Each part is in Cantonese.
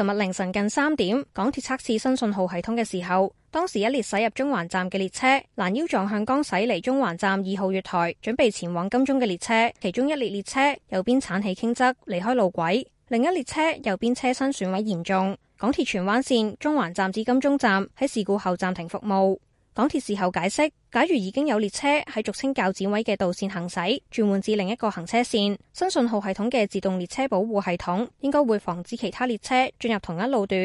尋日凌晨近三點，港鐵測試新信號系統嘅時候，當時一列駛入中環站嘅列車攔腰撞向剛駛離中環站二號月台準備前往金鐘嘅列車，其中一列列車右邊鏟起傾側離開路軌，另一列車右邊車身損毀嚴重。港鐵荃灣綫中環站至金鐘站喺事故後暫停服務。港鐵事後解釋，假如已經有列車喺俗稱較剪位嘅道綫行駛，轉換至另一個行車綫，新信號系統嘅自動列車保護系統應該會防止其他列車進入同一路段。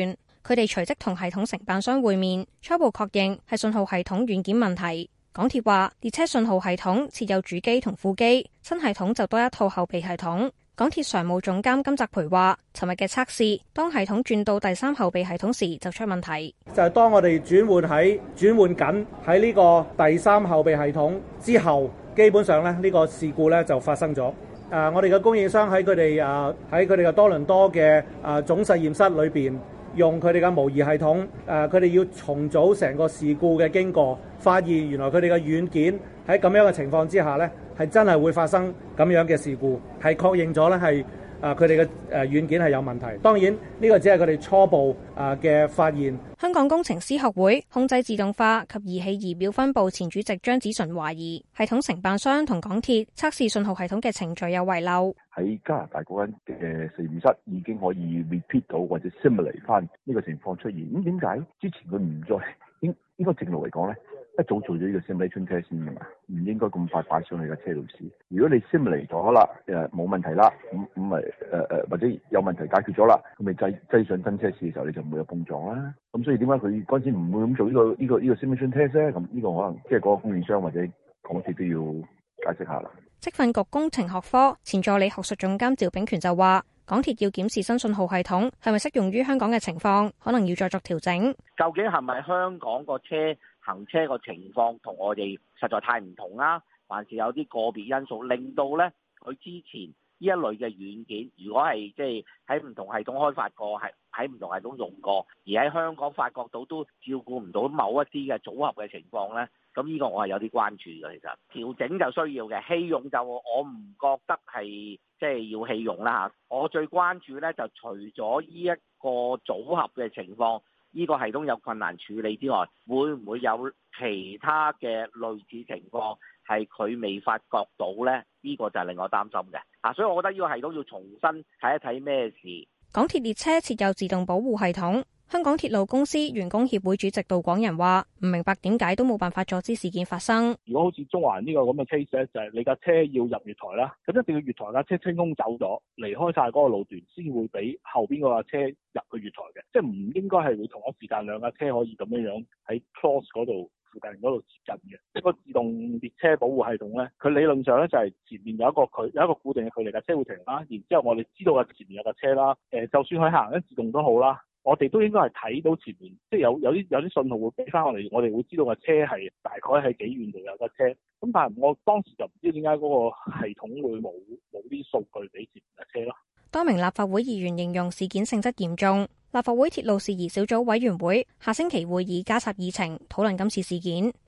佢哋隨即同系統承辦商會面，初步確認係信號系統軟件問題。港鐵話，列車信號系統設有主機同副機，新系統就多一套後備系統。港鐵常務總監金澤培話：尋日嘅測試，當系統轉到第三後備系統時就出問題，就係當我哋轉換喺轉換緊喺呢個第三後備系統之後，基本上咧呢、這個事故咧就發生咗。誒、啊，我哋嘅供應商喺佢哋誒喺佢哋嘅多倫多嘅誒總實驗室裏邊。用佢哋嘅模擬系統，誒、呃，佢哋要重組成個事故嘅經過，發現原來佢哋嘅軟件喺咁樣嘅情況之下，呢係真係會發生咁樣嘅事故，係確認咗呢係。啊！佢哋嘅誒軟件係有問題，當然呢個只係佢哋初步啊嘅發現。香港工程師學會控制自動化及儀器儀表分部前主席張子純懷疑系統承辦商同港鐵測試信號系統嘅程序有遺漏。喺加拿大嗰間嘅實驗室已經可以 repeat 到或者 simulate 翻呢個情況出現。咁點解之前佢唔再應應該正路嚟講咧？一早做咗呢個 simulation test 先嘅嘛，唔應該咁快擺上去嘅車路士。如果你 simulate 先嚟咗啦，誒冇問題啦，咁咁咪誒誒或者有問題解決咗啦，咁咪擠擠上新車試嘅時候你就唔會有碰撞啦。咁所以點解佢嗰陣時唔會咁做、這個這個這個、呢個呢個呢個 simulation test 咁呢個可能即係嗰個供應商或者港鐵都要解釋下啦。職訓局工程學科前助理學術總監趙炳權就話：港鐵要檢視新信號系統係咪適用於香港嘅情況，可能要再作調整。究竟係咪香港個車？行車個情況同我哋實在太唔同啦，還是有啲個別因素令到呢。佢之前呢一類嘅軟件，如果係即係喺唔同系統開發過，係喺唔同系統用過，而喺香港發覺到都照顧唔到某一啲嘅組合嘅情況呢。咁呢個我係有啲關注嘅。其實調整就需要嘅，棄用就我唔覺得係即係要棄用啦嚇。我最關注呢，就除咗呢一個組合嘅情況。呢個系統有困難處理之外，會唔會有其他嘅類似情況係佢未發覺到呢？呢個就係令我擔心嘅啊，所以我覺得呢個系統要重新睇一睇咩事。港鐵列車設有自動保護系統。香港鐵路公司員工協會主席杜廣仁話：唔明白點解都冇辦法阻止事件發生。如果好似中環呢個咁嘅 case 咧，就係你架車要入月台啦，咁一定要月台架車清空走咗，離開晒嗰個路段，先會俾後邊嗰架車入去月台嘅。即係唔應該係會同一時間兩架車可以咁樣樣喺 cross 嗰度附近嗰度接近嘅。即係個自動列車保護系統咧，佢理論上咧，就係前面有一個佢有一個固定嘅距離架車會停啦，然之後我哋知道嘅前面有架車啦。誒，就算佢行緊自動都好啦。我哋都應該係睇到前面，即係有有啲有啲信號會俾翻我哋，我哋會知道個車係大概係幾遠度有架車。咁但係我當時就唔知點解嗰個系統會冇冇啲數據俾前面架車咯。多名立法會議員形容事件性質嚴重，立法會鐵路事宜小組委員會下星期會議加插議程，討論今次事件。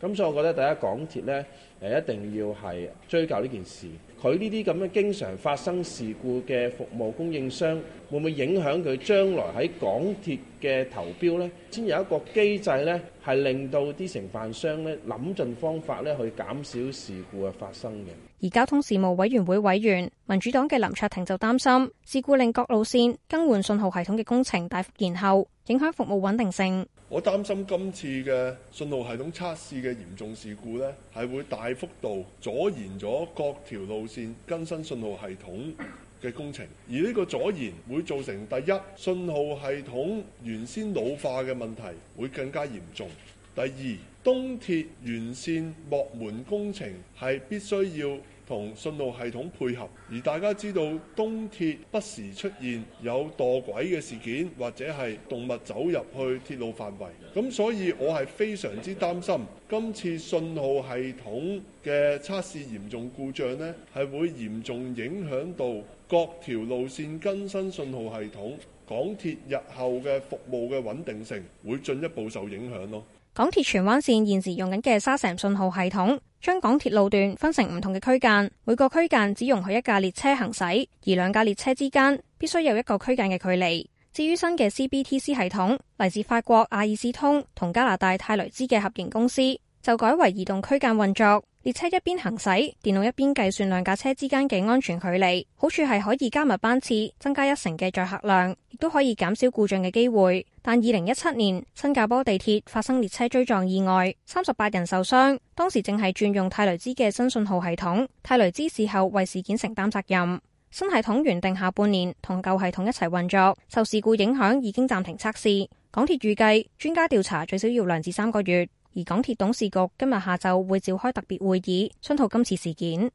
咁所以我覺得第一，港鐵咧，誒，一定要係追究呢件事。佢呢啲咁樣經常發生事故嘅服務供應商，會唔會影響佢將來喺港鐵嘅投標咧？先有一個機制咧，係令到啲承辦商咧諗盡方法咧去減少事故嘅發生嘅。而交通事務委員會委員民主黨嘅林卓廷就擔心，事故令各路線更換信號系統嘅工程大幅延後，影響服務穩定性。我擔心今次嘅信號系統測試嘅。嘅嚴重事故呢，係會大幅度阻延咗各條路線更新信號系統嘅工程，而呢個阻延會造成第一，信號系統原先老化嘅問題會更加嚴重；第二，東鐵沿線幕門工程係必須要。同信號系統配合，而大家知道東鐵不時出現有墮軌嘅事件，或者係動物走入去鐵路範圍，咁所以我係非常之擔心，今次信號系統嘅測試嚴重故障呢，係會嚴重影響到各條路線更新信號系統，港鐵日後嘅服務嘅穩定性會進一步受影響咯。港鐵荃灣綫現時用緊嘅沙城信號系統，將港鐵路段分成唔同嘅區間，每個區間只容許一架列車行駛，而兩架列車之間必須有一個區間嘅距離。至於新嘅 CBTC 系統，嚟自法國阿爾斯通同加拿大泰雷茲嘅合營公司，就改為移動區間運作。列車一邊行駛，電腦一邊計算兩架車之間嘅安全距離。好處係可以加密班次，增加一成嘅載客量，亦都可以減少故障嘅機會。但二零一七年新加坡地鐵發生列車追撞意外，三十八人受傷。當時正係轉用泰雷茲嘅新信號系統，泰雷茲事後為事件承擔責任。新系統原定下半年同舊系統一齊運作，受事故影響已經暫停測試。港鐵預計專家調查最少要兩至三個月。而港鐵董事局今日下晝會召開特別會議，商討今次事件。